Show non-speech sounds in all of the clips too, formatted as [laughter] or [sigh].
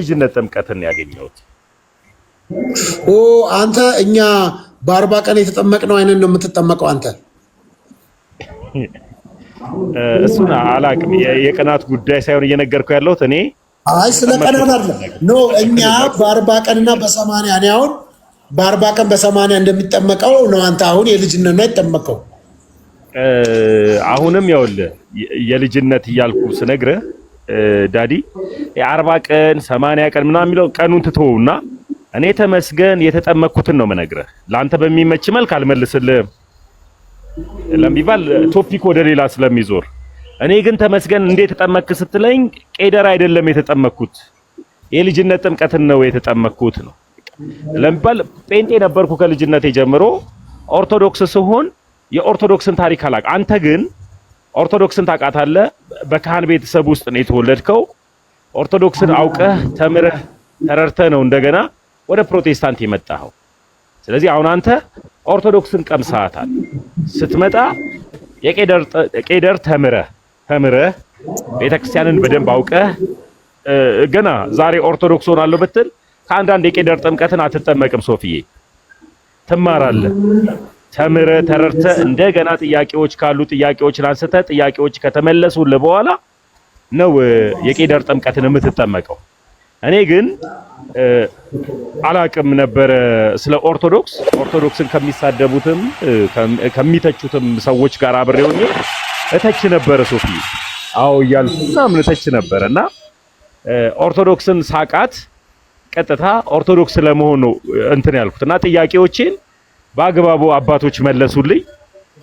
ልጅነት ጥምቀትን ያገኘሁት። ኦ አንተ እኛ በአርባ ቀን የተጠመቅነው አይነት ነው የምትጠመቀው አንተ። እሱን አላቅም። የቀናት ጉዳይ ሳይሆን እየነገርኩ ያለሁት እኔ አይ ስለ ቀናት አለ ኖ እኛ በአርባ ቀንና በሰማንያ እኔ አሁን በአርባ ቀን በሰማንያ እንደሚጠመቀው ነው አንተ አሁን የልጅነት ነው የተጠመቀው። አሁንም ያውል የልጅነት እያልኩ ስነግርህ ዳዲ የአርባ ቀን ሰማንያ ቀን ምናምን የሚለው ቀኑን ትተውና እኔ ተመስገን የተጠመኩትን ነው መነግረህ ለአንተ በሚመች መልክ አልመልስልህም ለሚባል ቶፒክ ወደ ሌላ ስለሚዞር እኔ ግን ተመስገን እንዴት ተጠመክ ስትለኝ ቄደር አይደለም የተጠመኩት የልጅነት ጥምቀትን ነው የተጠመኩት ነው ለሚባል ጴንጤ ነበርኩ ከልጅነት ጀምሮ ኦርቶዶክስ ስሆን የኦርቶዶክስን ታሪክ አላውቅም አንተ ግን ኦርቶዶክስን ታውቃታለህ። በካህን ቤተሰብ ውስጥ ነው የተወለድከው። ኦርቶዶክስን አውቀህ ተምረህ ተረርተ ነው እንደገና ወደ ፕሮቴስታንት የመጣኸው። ስለዚህ አሁን አንተ ኦርቶዶክስን ቀምሰሃታል። ስትመጣ የቄደር ተምረህ ተምረህ ቤተክርስቲያንን በደንብ አውቀህ ገና ዛሬ ኦርቶዶክስ ሆናለሁ ብትል ከአንዳንድ የቄደር ጥምቀትን አትጠመቅም ሶፍዬ፣ ትማራለህ ተምረ ተረድተ እንደገና ጥያቄዎች ካሉ ጥያቄዎችን አንስተ ጥያቄዎች ከተመለሱልህ በኋላ ነው የቄደር ጥምቀትን የምትጠመቀው። እኔ ግን አላቅም ነበረ ስለ ኦርቶዶክስ። ኦርቶዶክስን ከሚሳደቡትም ከሚተቹትም ሰዎች ጋር አብሬ ሆኜ እተች ነበረ ሶፊ አው እያልኩ ምናምን እተች ነበረ እና ኦርቶዶክስን ሳቃት ቀጥታ ኦርቶዶክስ ለመሆን ነው እንትን ያልኩት እና ጥያቄዎቼን በአግባቡ አባቶች መለሱልኝ።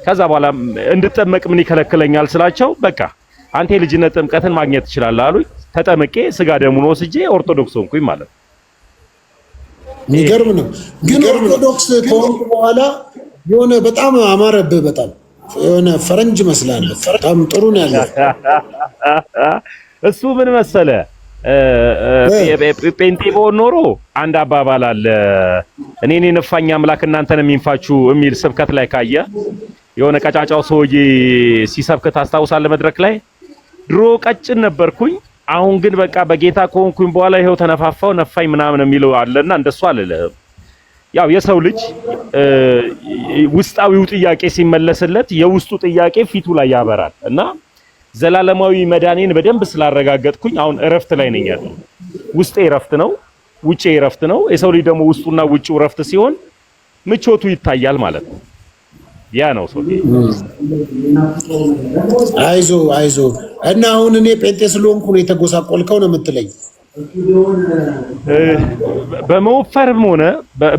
ከዛ በኋላ እንድጠመቅ ምን ይከለክለኛል ስላቸው በቃ አንተ የልጅነት ጥምቀትን ማግኘት ትችላለህ አሉኝ። ተጠምቄ ስጋ ደሙን ወስጄ ኦርቶዶክስ ሆንኩኝ ማለት ነው። የሚገርም ነው። ግን ኦርቶዶክስ ከሆንኩ በኋላ የሆነ በጣም አማረብህ። በጣም የሆነ ፈረንጅ መስላለህ። በጣም ጥሩ ነው ያለው። እሱ ምን መሰለ ጴንጤ ኖሮ አንድ አባባል አለ። እኔን የነፋኝ አምላክ እናንተን የሚንፋችሁ የሚል ስብከት ላይ ካየ የሆነ ቀጫጫው ሰውዬ ሲሰብክ ታስታውሳለህ? መድረክ ላይ ድሮ ቀጭን ነበርኩኝ፣ አሁን ግን በቃ በጌታ ከሆንኩኝ በኋላ ይኸው ተነፋፋው ነፋኝ ምናምን የሚለው አለና እንደሱ አልልህም። ያው የሰው ልጅ ውስጣዊው ጥያቄ ሲመለስለት የውስጡ ጥያቄ ፊቱ ላይ ያበራል እና ዘላለማዊ መዳኔን በደንብ ስላረጋገጥኩኝ አሁን እረፍት ላይ ነኝ ያለው። ውስጤ እረፍት ነው፣ ውጪ እረፍት ነው። የሰው ልጅ ደግሞ ውስጡና ውጪው እረፍት ሲሆን ምቾቱ ይታያል ማለት ነው። ያ ነው ሰው። አይዞ አይዞ። እና አሁን እኔ ጴንጤ ስለሆንኩ ነው የተጎሳቆልከው ነው የምትለኝ? በመወፈርም ሆነ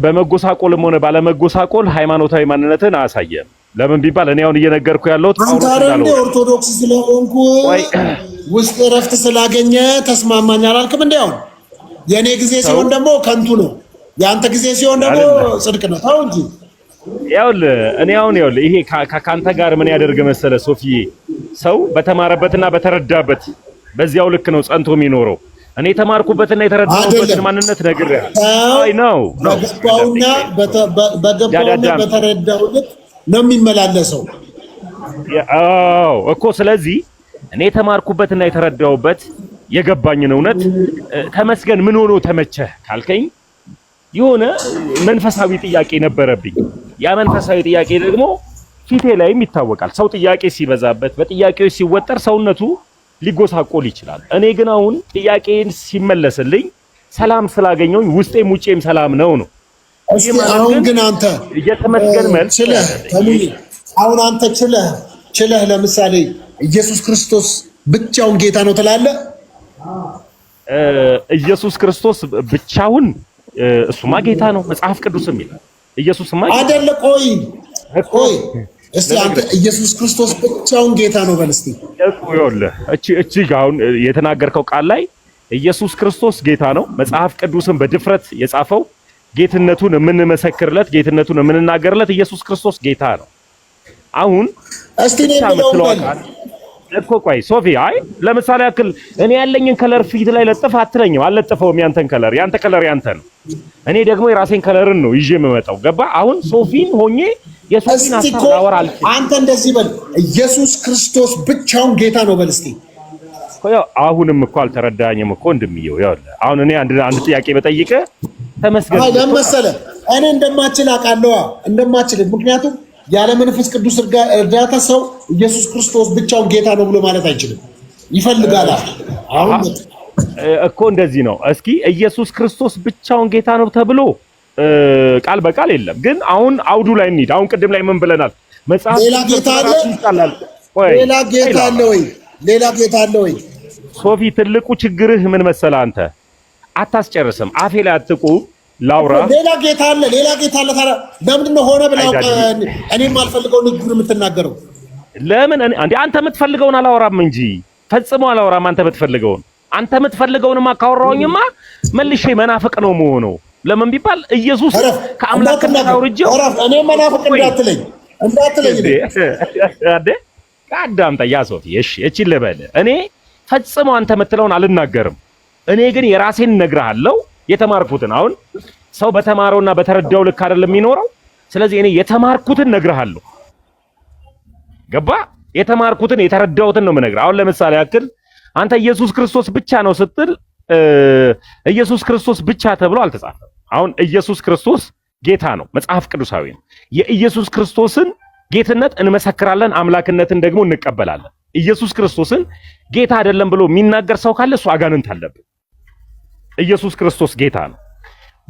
በመጎሳቆልም ሆነ ባለመጎሳቆል ሃይማኖታዊ ማንነትን አያሳየም። ለምን ቢባል እኔ አሁን እየነገርኩ ያለሁት ኦርቶዶክስ ስለሆንኩ ውስጥ እረፍት ስላገኘ ተስማማኝ አላልክም። እንደ አሁን የእኔ ጊዜ ሲሆን ደግሞ ከንቱ ነው፣ የአንተ ጊዜ ሲሆን ደግሞ ጽድቅ ነው። ተው እንጂ ይኸውልህ እኔ አሁን ይኸውልህ ይሄ ከአንተ ጋር ምን ያደርግ መሰለ ሶፊዬ፣ ሰው በተማረበትና በተረዳበት በዚያው ልክ ነው ጸንቶ የሚኖረው። እኔ የተማርኩበትና የተረዳሁበትን ማንነት ነግሬሃለሁ። አይ ነው በገባውና በተረዳው ልክ ነው የሚመላለሰው እኮ። ስለዚህ እኔ የተማርኩበትና የተረዳውበት የገባኝን እውነት ተመስገን ምን ሆኖ ተመቸህ ካልከኝ የሆነ መንፈሳዊ ጥያቄ ነበረብኝ። ያ መንፈሳዊ ጥያቄ ደግሞ ፊቴ ላይም ይታወቃል። ሰው ጥያቄ ሲበዛበት፣ በጥያቄዎች ሲወጠር ሰውነቱ ሊጎሳቆል ይችላል። እኔ ግን አሁን ጥያቄን ሲመለስልኝ ሰላም ስላገኘሁኝ ውስጤም ውጭም ሰላም ነው ነው አሁን ግን አንተ ችለህ አሁን አንተ ችለህ ችለህ ለምሳሌ ኢየሱስ ክርስቶስ ብቻውን ጌታ ነው ትላለህ። ኢየሱስ ክርስቶስ ብቻውን እሱማ ጌታ ነው፣ መጽሐፍ ቅዱስ የሚል ኢየሱስማ አይደለ? ቆይ ቆይ እስቲ አንተ ኢየሱስ ክርስቶስ ብቻውን ጌታ ነው በል እስቲ። ይኸውልህ እቺ እቺ አሁን የተናገርከው ቃል ላይ ኢየሱስ ክርስቶስ ጌታ ነው፣ መጽሐፍ ቅዱስን በድፍረት የጻፈው ጌትነቱን የምንመሰክርለት ጌትነቱን የምንናገርለት ኢየሱስ ክርስቶስ ጌታ ነው። አሁን እስቲ እኮ ቆይ ሶፊ፣ አይ ለምሳሌ ያክል እኔ ያለኝን ከለር ፊት ላይ ለጥፍ አትለኝም፣ አልለጥፈውም። ያንተን ከለር ያንተ ከለር ያንተ ነው። እኔ ደግሞ የራሴን ከለርን ነው ይዤ የምመጣው። ገባ? አሁን ሶፊን ሆኜ የሶፊን አስተዳወር አልችልም። አንተ እንደዚህ በል፣ ኢየሱስ ክርስቶስ ብቻውን ጌታ ነው በል እስቲ። አሁንም እኮ አልተረዳኝም እኮ እንድምየው። ያው አሁን እኔ አንድ አንድ ጥያቄ በጠይቀ ተመስገን። ለምን መሰለህ እኔ እንደማችል አውቃለሁ እንደማችል። ምክንያቱም ያለ መንፈስ ቅዱስ እርዳታ ሰው ኢየሱስ ክርስቶስ ብቻውን ጌታ ነው ብሎ ማለት አይችልም። ይፈልጋል። አሁን እኮ እንደዚህ ነው። እስኪ ኢየሱስ ክርስቶስ ብቻውን ጌታ ነው ተብሎ ቃል በቃል የለም። ግን አሁን አውዱ ላይ እንሂድ። አሁን ቅድም ላይ ምን ብለናል? መጽሐፍ ሌላ ጌታ አለ፣ ሌላ ጌታ አለ ወይ? ሌላ ጌታ አለ ወይ? ሶፊ፣ ትልቁ ችግርህ ምን መሰለህ አንተ አታስጨርስም። አፌ ላይ አትቁ ላውራ። ሌላ ጌታ አለ፣ ሌላ ጌታ አለ። ታዲያ ለምንድን ነው ሆነ ብላ እኔ የማልፈልገው ንግግር የምትናገረው? ለምን እንዴ? አንተ የምትፈልገውን አላወራም እንጂ ፈጽሞ አላወራም። አንተ የምትፈልገውን አንተ የምትፈልገውንማ ካወራውኝማ መልሼ መናፍቅ ነው መሆነው። ለምን ቢባል ኢየሱስ ከአምላክ ከታውርጀው እኔ መናፍቅ እንዳትለኝ እንዳትለኝ አይደ አዳምጣ ያሶት እሺ እቺ ልበል እኔ ፈጽሞ አንተ የምትለውን አልናገርም። እኔ ግን የራሴን እነግርሃለሁ የተማርኩትን። አሁን ሰው በተማረውና በተረዳው ልክ አይደለም የሚኖረው። ስለዚህ እኔ የተማርኩትን እነግርሃለሁ። ገባ? የተማርኩትን የተረዳሁትን ነው የምነግርህ። አሁን ለምሳሌ ያክል አንተ ኢየሱስ ክርስቶስ ብቻ ነው ስትል ኢየሱስ ክርስቶስ ብቻ ተብሎ አልተጻፈም። አሁን ኢየሱስ ክርስቶስ ጌታ ነው፣ መጽሐፍ ቅዱሳዊ ነው። የኢየሱስ ክርስቶስን ጌትነት እንመሰክራለን፣ አምላክነትን ደግሞ እንቀበላለን። ኢየሱስ ክርስቶስን ጌታ አይደለም ብሎ የሚናገር ሰው ካለ እሱ አጋንንት አለብን። ኢየሱስ ክርስቶስ ጌታ ነው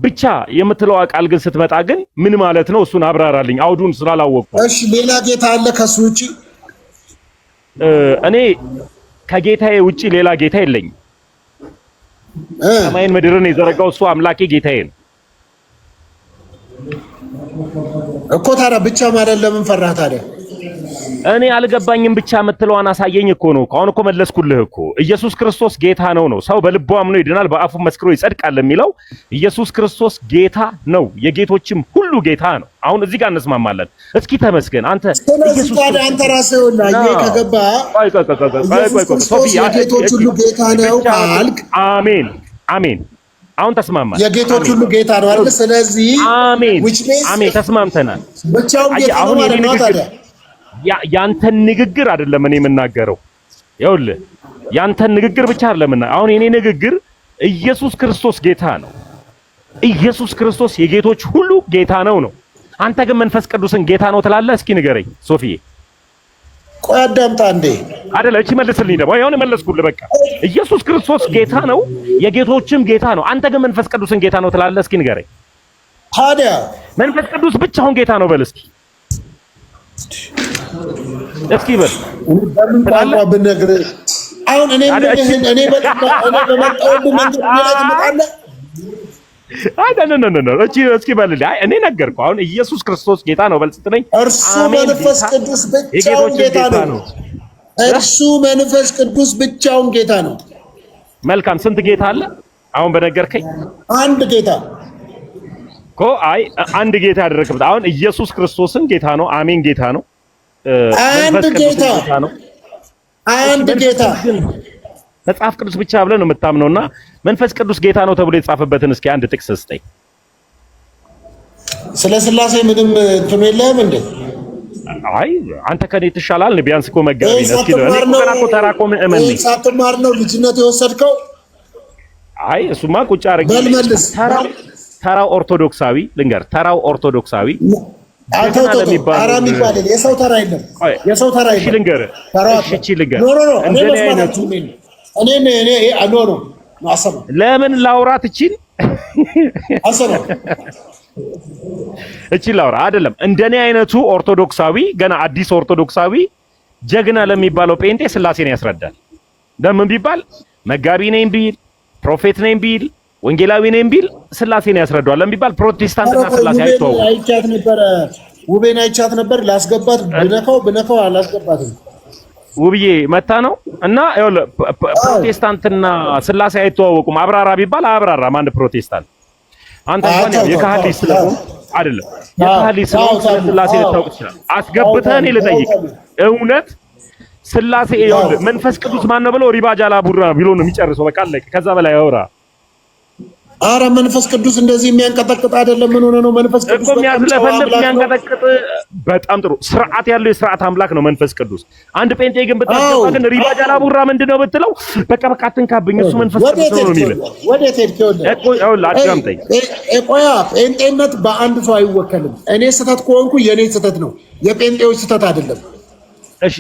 ብቻ የምትለዋ ቃል ግን ስትመጣ ግን ምን ማለት ነው? እሱን አብራራልኝ። አውዱን ስላላወቅኩ። እሺ ሌላ ጌታ አለ ከሱ ውጪ? እኔ ከጌታዬ ውጪ ሌላ ጌታ የለኝም። ሰማይን ምድርን የዘረጋው እሱ አምላኬ ጌታዬ ነው እኮ። ታዲያ ብቻ ማለት ለምን ፈራህ ታዲያ? እኔ አልገባኝም ብቻ የምትለዋን አሳየኝ እኮ ነው። አሁን እኮ መለስኩልህ እኮ ኢየሱስ ክርስቶስ ጌታ ነው ነው። ሰው በልቡ አምኖ ይድናል፣ በአፉ መስክሮ ይጸድቃል የሚለው ኢየሱስ ክርስቶስ ጌታ ነው፣ የጌቶችም ሁሉ ጌታ ነው። አሁን እዚህ ጋር እንስማማለን። እስኪ ተመስገን አንተ ኢየሱስ አንተ ራስህ ወላ ከገባ የጌቶች ሁሉ ጌታ ነው ካልክ አሜን አሜን። አሁን ተስማማ። የጌቶች ሁሉ ጌታ ነው አይደል? ስለዚህ አሜን አሜን፣ ተስማምተናል። ብቻውን ጌታ ነው አይደል? ያንተን ንግግር አይደለም እኔ የምናገረው። ይኸውልህ ያንተን ንግግር ብቻ አይደለም እና አሁን የኔ ንግግር ኢየሱስ ክርስቶስ ጌታ ነው። ኢየሱስ ክርስቶስ የጌቶች ሁሉ ጌታ ነው ነው። አንተ ግን መንፈስ ቅዱስን ጌታ ነው ትላለህ። እስኪ ንገረኝ ሶፊዬ። ቆይ አዳምጣ እንዴ አይደለ? እቺ መልስልኝ ደግሞ ይሁን መለስኩልህ። በቃ ኢየሱስ ክርስቶስ ጌታ ነው፣ የጌቶችም ጌታ ነው። አንተ ግን መንፈስ ቅዱስን ጌታ ነው ትላለህ። እስኪ ንገረኝ ታዲያ መንፈስ ቅዱስ ብቻውን ጌታ ነው በል እስኪ እስኪ በል አሁን እስኪ እኔ አሁን ኢየሱስ ክርስቶስ ጌታ ነው በል ስትለኝ እርሱ መንፈስ ቅዱስ ብቻውን ጌታ ነው። እርሱ መንፈስ ቅዱስ ብቻውን ጌታ ነው። መልካም ስንት ጌታ አለ? አሁን በነገርከኝ አንድ ጌታ እኮ አይ አንድ ጌታ ያደረግበት አሁን ኢየሱስ ክርስቶስን ጌታ ነው። አሜን ጌታ ነው። አንድ ጌታ ነው። አንድ ጌታ መጽሐፍ ቅዱስ ብቻ ብለን ነው የምታምነውና መንፈስ ቅዱስ ጌታ ነው ተብሎ የተጻፈበትን እስኪ አንድ ጥቅስ ስጠኝ። ስለ ስላሴ ምንም እንትኑ የለም እንዴ? አይ አንተ ከኔ ትሻላል። ቢያንስ እኮ መጋቢ እስኪ ነው እኔ ምእመን ሳትማር ነው ልጅነት የወሰድከው? አይ እሱማ ቁጭ አረግ ተራው ኦርቶዶክሳዊ ልንገር፣ ተራው ኦርቶዶክሳዊ የሰው ተራ የለም። የሰው ተራ የለም። ልንገር ለምን ላውራት እቺን እቺ ላውራ አይደለም። እንደኔ አይነቱ ኦርቶዶክሳዊ ገና አዲስ ኦርቶዶክሳዊ ጀግና ለሚባለው ጴንጤ ስላሴን ያስረዳል። ለምን ቢባል መጋቢ ነኝ ቢል ፕሮፌት ነኝ ቢል ወንጌላዊ ነኝ ቢል ስላሴን ያስረዳዋል ለሚባል እና ስላሴ አይተዋወቁም። አይቻት ነበር፣ ውቤን አይቻት ነበር። ላስገባት ብነካው ብነካው አላስገባትም። ውብዬ መታ ነው እና ፕሮቴስታንትና ስላሴ አይተዋወቁም። አብራራ ቢባል አብራራ ማን ፕሮቴስታንት አንተ እንኳን የካህል ልጅ አይደለም የካህል ልጅ ስለ ስላሴ ልታውቅ ትችላለህ። አስገብተህ እኔ ልጠይቅ እውነት ስላሴ መንፈስ ቅዱስ ማን ነው ብሎ ሪባጃላ ቡራ ቢሎ ነው የሚጨርሰው። በቃ አለቀ። ከዛ በላይ አውራ አረ መንፈስ ቅዱስ እንደዚህ የሚያንቀጠቅጥ አይደለም። ምን ሆነ ነው መንፈስ ቅዱስ የሚያዝለፈልፍ የሚያንቀጠቅጥ በጣም ጥሩ ስርዓት ያለው የስርዓት አምላክ ነው መንፈስ ቅዱስ። አንድ ጴንጤ ግን ብታስገባ ግን ሪባጅ አላቡራ ምንድን ነው ብትለው በቃ በቃ አትንካብኝ እሱ መንፈስ ቅዱስ ነው የሚልህ። ወዴት ሄድክ? ይኸውልህ አዳምጠኝ። ቆይ ጴንጤነት በአንድ ሰው አይወከልም። እኔ ስህተት ከሆንኩ የእኔ ስህተት ነው የጴንጤዎች ስህተት አይደለም። እሺ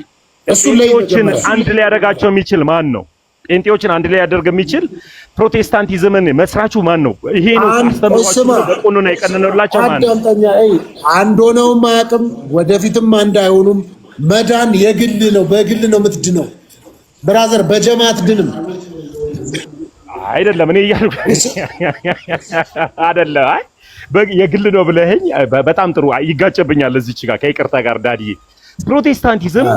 እሱ ሌሎችን አንድ ላይ ያደርጋቸው የሚችል ማን ነው? ጴንጤዎችን አንድ ላይ ያደርግ የሚችል ፕሮቴስታንቲዝምን መስራቹ ማን ነው? ይሄ ነው በቆኑ ነው የቀነነላቸው ማን ነው? አንተኛ አይ አንድ ሆነውም አያውቅም፣ ወደፊትም አንድ አይሆኑም። መዳን የግል ነው። በግል ነው የምትድነው። ብራዘር በጀማት ድንም አይደለም እኔ እያልኩ አይደለም። አይ የግል ነው ብለኸኝ በጣም ጥሩ ይጋጨብኛል። እዚች ጋር ከይቅርታ ጋር ዳድዬ ፕሮቴስታንቲዝም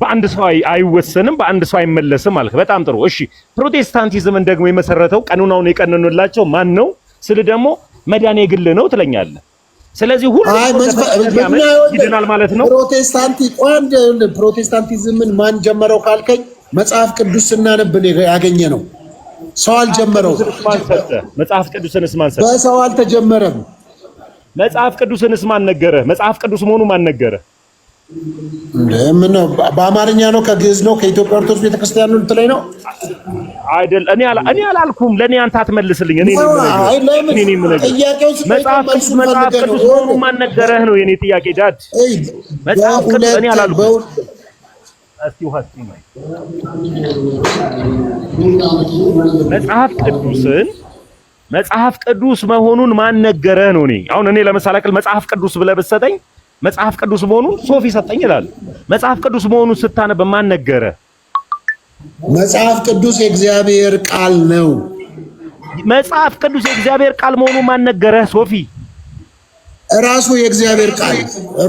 በአንድ ሰው አይወሰንም፣ በአንድ ሰው አይመለስም ማለት። በጣም ጥሩ እሺ። ፕሮቴስታንቲዝምን ደግሞ የመሰረተው ቀኑናውን የቀነኑላቸው ማን ነው? ስለ ደግሞ መዳን የግል ነው ትለኛለህ። ስለዚህ ሁሉ ይድናል ማለት ነው። ፕሮቴስታንቲ ቆንድ ፕሮቴስታንቲዝምን ማን ጀመረው ካልከኝ መጽሐፍ ቅዱስ ስናነብ ያገኘ ነው። ሰው አልጀመረው። መጽሐፍ ቅዱስንስ ማን ሰጠ? በሰው አልተጀመረም። መጽሐፍ ቅዱስንስ ማን ነገረ መጽሐፍ ቅዱስ መሆኑ ማን ነገረ? በአማርኛ ነው ከግዕዝ ነው ከኢትዮጵያ ኦርቶዶክስ ቤተክርስቲያን ነው ልትለኝ ነው አይደል? እኔ አላ እኔ አላልኩም። ለኔ አንተ አትመልስልኝ። እኔ ነኝ እኔ መጽሐፍ ቅዱስ መጽሐፍ ቅዱስ ነው ማን ነገረህ ነው የኔ ጥያቄ ዳድ። መጽሐፍ ቅዱስ እኔ አላልኩም። እስቲ ማይ መጽሐፍ ቅዱስን መጽሐፍ ቅዱስ መሆኑን ማን ነገረህ ነው? እኔ አሁን እኔ ለምሳሌ መጽሐፍ ቅዱስ ብለህ ብትሰጠኝ መጽሐፍ ቅዱስ መሆኑን ሶፊ ሰጠኝ ይላል። መጽሐፍ ቅዱስ መሆኑን ስታነብ ማን ነገረህ? መጽሐፍ ቅዱስ የእግዚአብሔር ቃል ነው። መጽሐፍ ቅዱስ የእግዚአብሔር ቃል መሆኑን ማን ነገረህ? ሶፊ ራሱ የእግዚአብሔር ቃል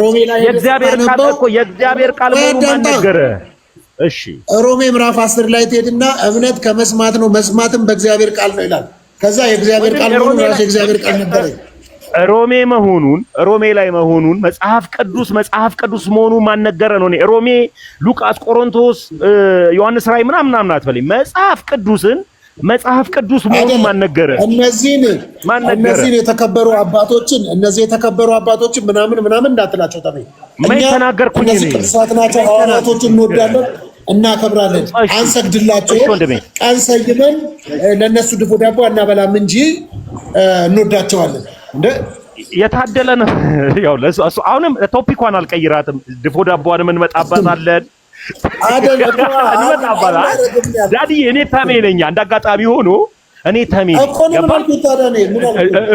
ሮሜ ላይ የእግዚአብሔር ቃል እኮ የእግዚአብሔር ቃል መሆኑን ማን ነገረህ? እሺ ሮሜ ምዕራፍ 10 ላይ ትሄድና እምነት ከመስማት ነው መስማትም በእግዚአብሔር ቃል ነው ይላል። ከዛ የእግዚአብሔር ቃል መሆኑን ራሱ የእግዚአብሔር ቃል ነገረኝ። ሮሜ መሆኑን ሮሜ ላይ መሆኑን መጽሐፍ ቅዱስ መጽሐፍ ቅዱስ መሆኑን ማነገረ ነው። ሮሜ፣ ሉቃስ፣ ቆሮንቶስ፣ ዮሐንስ ራይ ምናምን ምናምን አትበለኝ። መጽሐፍ ቅዱስን መጽሐፍ ቅዱስ መሆኑን ማነገረ እነዚህን እነዚህን የተከበሩ አባቶችን እነዚህ የተከበሩ አባቶችን ምናምን ምናምን እንዳትላቸው ተበይ ማን ተናገርኩኝ እነዚህ ቅዱሳት ናቸው። አባቶችን እንወዳለን እናከብራለን አንሰግድላቸው ቀን ሰይመን ለእነሱ ድፎ ዳቦ አናበላም እንጂ እንወዳቸዋለን። የታደለ ነው። [laughs] ያው ለሱ አሁንም ቶፒኳን አልቀይራትም። ድፎ [laughs] እኔ ተሜ ነኝ። አንድ አጋጣሚ ሆኖ እኔ ተሜ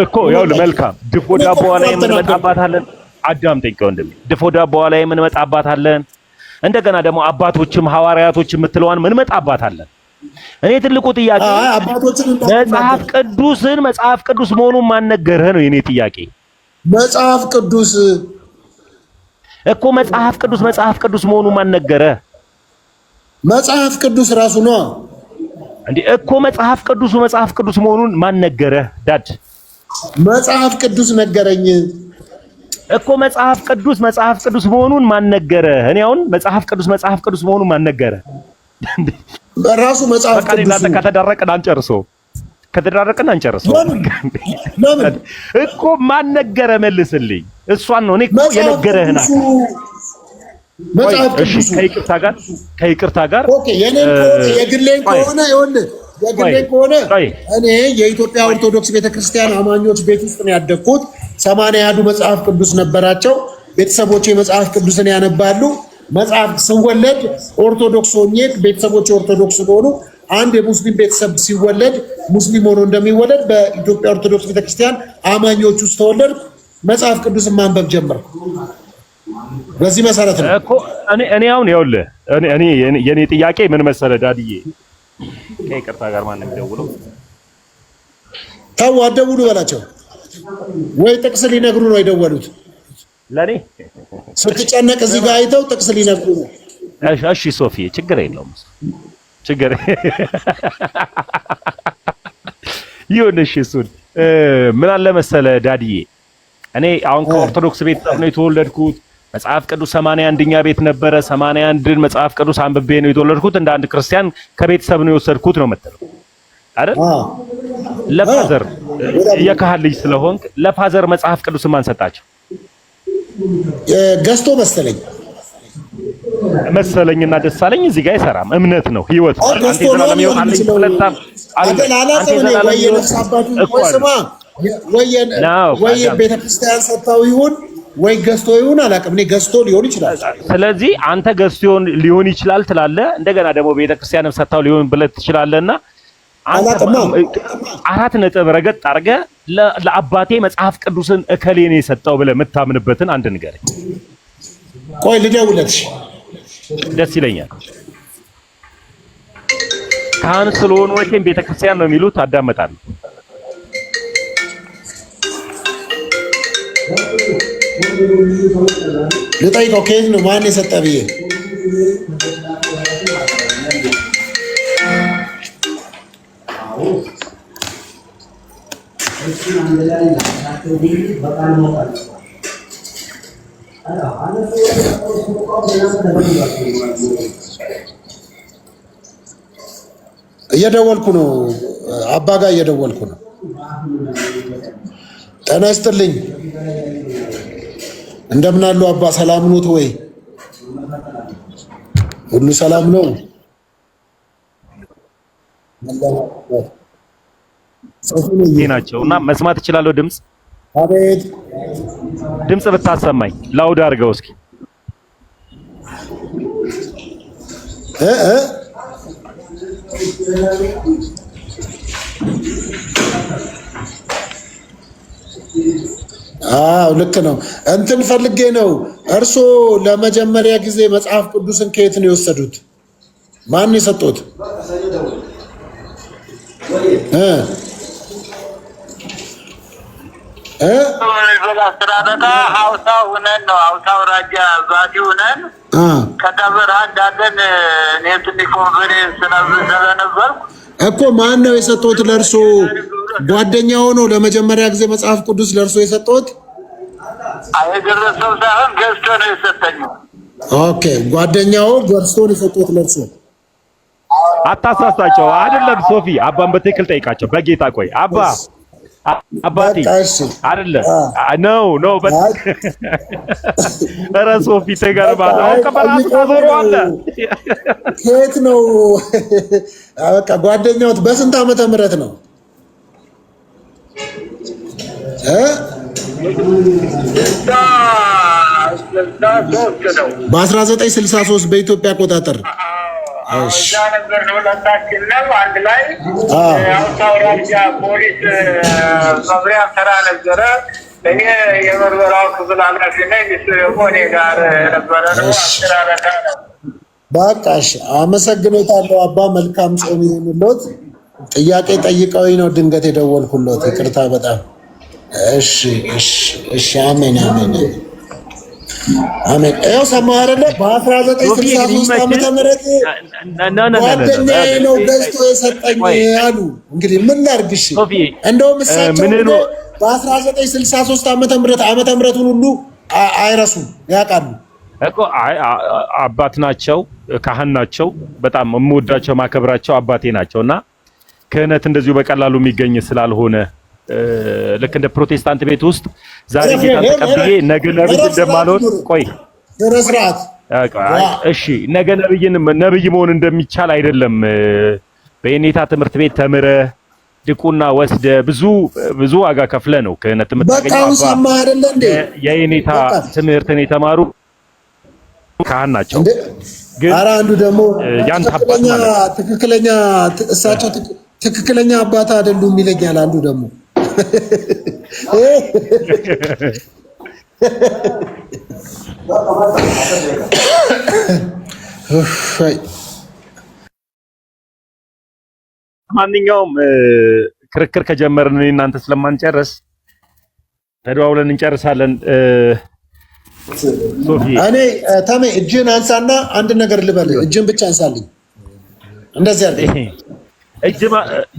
እኮ ያው መልካም ድፎ ዳቧ ላይ የምንመጣባታለን። አዳምጠኝ ወንድሜ፣ ድፎ ዳቧ ላይ የምንመጣባታለን። እንደገና ደግሞ አባቶችም ሐዋርያቶች የምትለዋን ምንመጣባታለን። እኔ ትልቁ ጥያቄ መጽሐፍ ቅዱስን መጽሐፍ ቅዱስ መሆኑን ማነገርህ ነው እኔ ጥያቄ። መጽሐፍ ቅዱስ እኮ መጽሐፍ ቅዱስ መጽሐፍ ቅዱስ መሆኑን ማነገርህ? መጽሐፍ ቅዱስ ራሱ ነው እንዴ እኮ መጽሐፍ ቅዱሱ መጽሐፍ ቅዱስ መሆኑን ማነገርህ? ዳድ መጽሐፍ ቅዱስ ነገረኝ እኮ መጽሐፍ ቅዱስ መጽሐፍ ቅዱስ መሆኑን ማነገርህ? እኔ አሁን መጽሐፍ ቅዱስ መጽሐፍ ቅዱስ መሆኑን ማነገረ ራሱ መጽሐፍ ቅዱስ ከተደረቅን አንጨርሰው ከተደራረቅን አንጨርሰው እኮ ማን ነገረ? መልስልኝ። እሷን ነው እኔ እኮ የነገረህ ናት። ከይቅርታ ጋር ከይቅርታ ጋር የግሌን ከሆነ ይኸውልህ የግሌን ከሆነ እኔ የኢትዮጵያ ኦርቶዶክስ ቤተክርስቲያን አማኞች ቤት ውስጥ ነው ያደግኩት። ሰማንያ ያህሉ መጽሐፍ ቅዱስ ነበራቸው። ቤተሰቦቼ መጽሐፍ ቅዱስን ያነባሉ። መጽሐፍ ስወለድ ኦርቶዶክስ ሆኜ ቤተሰቦች ኦርቶዶክስ ሆኑ። አንድ የሙስሊም ቤተሰብ ሲወለድ ሙስሊም ሆኖ እንደሚወለድ በኢትዮጵያ ኦርቶዶክስ ቤተክርስቲያን አማኞች ውስጥ ተወለድ መጽሐፍ ቅዱስ ማንበብ ጀመር። በዚህ መሰረት ነው እኮ እኔ እኔ አሁን ይኸውልህ እኔ የኔ ጥያቄ ምን መሰለህ ዳድዬ፣ ከይቅርታ ጋር ማን የሚደውለው ተው፣ አደውሉ በላቸው። ወይ ጥቅስ ሊነግሩ ነው የደወሉት። ለኔ ስትጨነቅ እዚህ ጋር አይተው ጥቅስ ሊነግሩ ነው። እሺ ሶፊ፣ ችግር የለውም ችግር ይሁን። እሺ እሱን ምን አለ መሰለ ዳድዬ፣ እኔ አሁን ከኦርቶዶክስ ቤተሰብ ነው የተወለድኩት። መጽሐፍ ቅዱስ ሰማንያ አንደኛ ቤት ነበረ። ሰማንያ አንድን መጽሐፍ ቅዱስ አንብቤ ነው የተወለድኩት። እንደ አንድ ክርስቲያን ከቤተሰብ ነው የወሰድኩት ነው የምትለው አይደል? ለፋዘር የካህን ልጅ ስለሆንክ ለፋዘር መጽሐፍ ቅዱስ ማን ሰጣቸው? ገዝቶ መሰለኝ መሰለኝና ደሳለኝ እዚህ ጋር አይሰራም። እምነት ነው፣ ህይወት ነው። አንተ ይሁን ወይ ገዝቶ ይሁን አላውቅም። እኔ ገዝቶ ሊሆን ይችላል። ስለዚህ አንተ ገዝቶ ሊሆን ይችላል ትላለህ። እንደገና ደግሞ ቤተክርስቲያንም ክርስቲያንም ሰጣው ሊሆን ብለህ ትችላለህና አራት ነጥብ ረገጥ አርገ ለአባቴ መጽሐፍ ቅዱስን እከሌ ነው የሰጠው ብለህ የምታምንበትን አንድ ንገር። ቆይ ልደውልለት፣ ደስ ይለኛል። ካህን ስለሆኑ መቼም ቤተክርስቲያን ነው የሚሉት። አዳመጣለሁ። ልጠይቀው፣ ከየት ነው ማን የሰጠህ ብዬ እሱን አንድ ላይ ናቸው በቃል መውጣት እየደወልኩ ነው። አባ ጋር እየደወልኩ ነው። ጤና ይስጥልኝ። እንደምን አሉ አባ? ሰላም ኖት ወይ? ሁሉ ሰላም ነው። ናቸው እና መስማት እችላለሁ። ድምፅ አቤት፣ ድምፅ ብታሰማኝ ላውድ አድርገው እስኪ እ እ አዎ ልክ ነው። እንትን ፈልጌ ነው። እርሶ ለመጀመሪያ ጊዜ መጽሐፍ ቅዱስን ከየት ነው የወሰዱት? ማን የሰጡት? ሁነን ሁነን እኮ ማን ነው የሰጠሁት? ለእርሶ ጓደኛ ለመጀመሪያ ጊዜ መጽሐፍ ቅዱስ ለእርሶ የሰጠሁት የደረሰው ሳይሆን ገዝቶ ነው የሰጠኝ። ኦኬ ጓደኛው ገዝቶን የሰጠሁት ለእርሶ አታሳሳቸው። አይደለም ሶፊ አባን በትክክል ጠይቃቸው። በጌታ ቆይ አባ አባቴ አይደለም ነው ነው ኧረ ሶፊ ትገርማለህ። አሁን ከበራሱ አለ ከየት ነው በቃ ጓደኛዎት በስንት ዓመተ ምህረት ነው እ በ1963 በኢትዮጵያ አቆጣጠር እዛ ነበር ሁለታችንም አንድ ላይ አውታውራጃ ፖሊስ መምሪያ ሰራ ነበረ። እኔ የምርመራው ክፍል ኃላፊ ነኝ። እሱ ደግሞ ጋር ነበረ ነው አስራረካ ነው። በቃሽ አመሰግኖታለሁ። አባ መልካም ጾም ይሁንልዎት። ጥያቄ ጠይቀውኝ ነው ድንገት የደወልኩልዎት። ይቅርታ በጣም እሺ፣ እሺ፣ እሺ። አሜን፣ አሜን። አሜን። ያው ሰማህ አይደለ? በ1963 ዓመተ ምህረት ጓደኛዬ ነው ገዝቶ የሰጠኝ አሉ። እንግዲህ ምን እንደውም እሳቸው ዓመተ ምህረት ዓመተ ምህረቱን ሁሉ አይረሱም፣ ያውቃሉ እኮ አባት ናቸው፣ ካህን ናቸው። በጣም የምወዳቸው ማከብራቸው አባቴ ናቸው እና ክህነት እንደዚሁ በቀላሉ የሚገኝ ስላልሆነ ልክ እንደ ፕሮቴስታንት ቤት ውስጥ ዛሬ ጌታ ተቀብዬ ነገ ነብይ እንደማልሆን ቆይ እሺ፣ ነገ ነብይን ነብይ መሆን እንደሚቻል አይደለም። በየኔታ ትምህርት ቤት ተምረ ድቁና ወስደ ብዙ ብዙ ዋጋ ከፍለ ነው ክህነት የምታገኘው። የኔታ ትምህርትን የተማሩ ካህን ናቸው። ግን አንዱ ደግሞ ያንተ አባት ትክክለኛ እሳቸው ትክክለኛ አባት አይደሉም ይለኛል አንዱ ደግሞ ማንኛውም ክርክር ከጀመርን እናንተ ስለማንጨርስ ተደዋውለን እንጨርሳለን። እኔ ታሜ እጅን አንሳና አንድ ነገር ልበል። እጅን ብቻ አንሳልኝ እንደዚህ አለ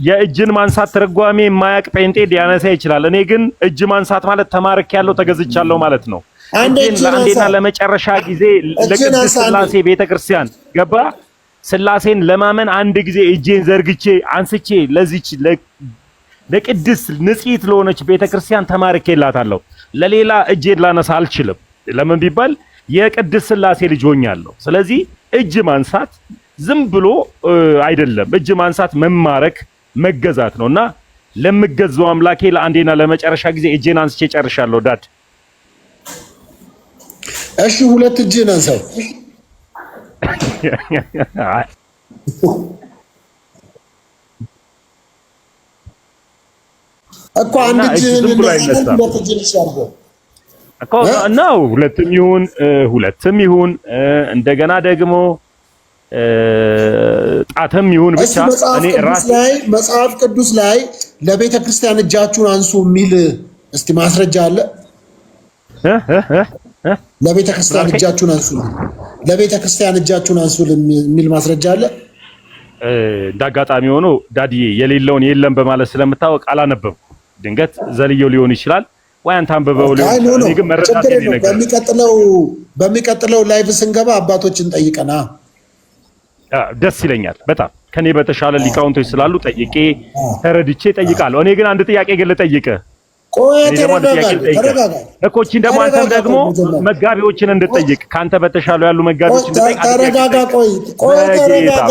የእጅን ማንሳት ትርጓሜ የማያቅ ጴንጤ ሊያነሳ ይችላል። እኔ ግን እጅ ማንሳት ማለት ተማርክ ያለው ተገዝቻለሁ ማለት ነው። ለአንዴና ለመጨረሻ ጊዜ ለቅድስት ስላሴ ቤተክርስቲያን ገባ ስላሴን ለማመን አንድ ጊዜ እጄን ዘርግቼ አንስቼ ለዚች ለቅድስት ንጽሕት ለሆነች ቤተክርስቲያን ተማርኬላታለሁ። ለሌላ እጄን ላነሳ አልችልም። ለምን ቢባል የቅድስት ስላሴ ልጅ ሆኛለሁ። ስለዚህ እጅ ማንሳት ዝም ብሎ አይደለም እጅ ማንሳት መማረክ መገዛት ነውና ለምገዛው አምላኬ ለአንዴና ለመጨረሻ ጊዜ እጄን አንስቼ ጨርሻለሁ። ዳድ እሺ፣ ሁለት እጄን አንሳው። [laughs] እኮ አንድ እጅህን ሁለት እጅህን ይሻላል እኮ ነው። ሁለትም ይሁን ሁለትም ይሁን እንደገና ደግሞ ጣተም ይሁን ብቻ እኔ ራሴ መጽሐፍ ቅዱስ ላይ ለቤተ ክርስቲያን እጃችሁን አንሱ የሚል እስቲ ማስረጃ አለ? ለቤተ ክርስቲያን እጃችሁን አንሱ ለቤተ ክርስቲያን እጃችሁን አንሱ የሚል ማስረጃ አለ? እንዳጋጣሚ ሆኖ ዳድዬ የሌለውን የለም በማለት ስለምታወቅ አላነበብኩ። ድንገት ዘልየው ሊሆን ይችላል ወይ አንተ አንብበው ሊሆን ግን መረዳት በሚቀጥለው በሚቀጥለው ላይቭ ስንገባ አባቶችን ጠይቀና ደስ ይለኛል በጣም ከኔ በተሻለ ሊቃውንቶች ስላሉ ጠይቄ ተረድቼ ጠይቃለሁ። እኔ ግን አንድ ጥያቄ ግን ልጠይቅ እኮችን ደግሞ አንተም ደግሞ መጋቢዎችን እንድጠይቅ ከአንተ በተሻሉ ያሉ መጋቢዎች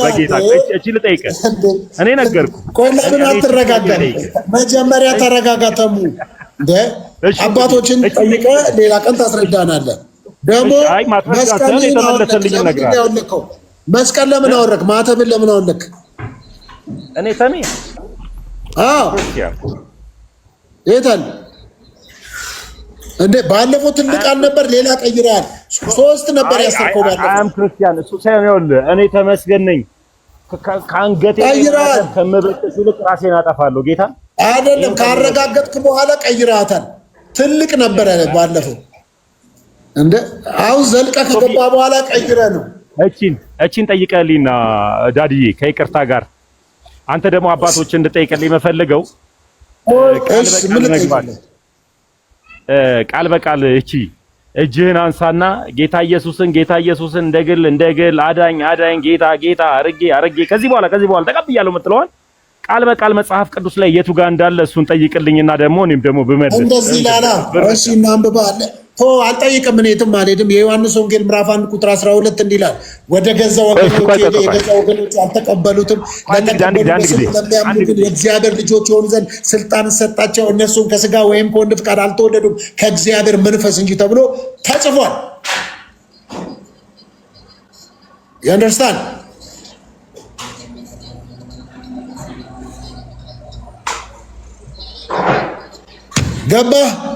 በጌታ እቺ ልጠይቅ። እኔ ነገርኩ። መጀመሪያ ተረጋጋ። ተሙ አባቶችን ጠይቀህ ሌላ ቀን ታስረዳናለህ። ደግሞ መስቀል የተመለሰልኝ ነግራል መስቀል ለምን አወረክ? ማተብን ለምን አወለክ? እኔ ሰሚ አዎ፣ የታል እንዴ? ባለፈው ትልቅ ነበር፣ ሌላ ቀይረሃል። ሶስት ነበር ያሰርከው ባለፈው። አም ክርስቲያን እሱ ሳይሆን ይኸውልህ፣ እኔ ተመስገን ነኝ። ከአንገቴ ከምበጥስ ይልቅ ራሴን አጠፋለሁ። ጌታ አይደለም፣ ካረጋገጥክ በኋላ ቀይረሃታል። ትልቅ ነበር ያለ ባለፈው። እንደ አሁን ዘልቀ ከገባ በኋላ ቀይረህ ነው እቺን እቺን ጠይቀህልኝና ዳድዬ ከይቅርታ ጋር አንተ ደግሞ አባቶች እንድጠይቀልኝ መፈልገው ቃል በቃል እቺ እጅህን አንሳና ጌታ ኢየሱስን ጌታ ኢየሱስን እንደ ግል እንደ ግል አዳኝ አዳኝ ጌታ ጌታ አርጌ አርጌ ከዚህ በኋላ ከዚህ በኋላ ተቀብያለሁ የምትለዋል ቃል በቃል መጽሐፍ ቅዱስ ላይ የቱ ጋር እንዳለ እሱን ጠይቅልኝና ደግሞ እኔም ደግሞ ብመልስ እንደዚህ ላላ እሺ እናንብባለን ሆ አልጠይቅም፣ እኔ የትም አልሄድም። የዮሐንስ ወንጌል ምዕራፍ አንድ ቁጥር 12 እንዲላል ወደ ገዛ ወገኖች የገዛ አልተቀበሉትም፣ ለሚያምኑ ግን የእግዚአብሔር ልጆች የሆኑ ዘንድ ስልጣን ሰጣቸው። እነሱም ከስጋ ወይም ከወንድ ፍቃድ አልተወለዱም ከእግዚአብሔር መንፈስ እንጂ ተብሎ ተጽፏል። ያንደርስታን ገባህ?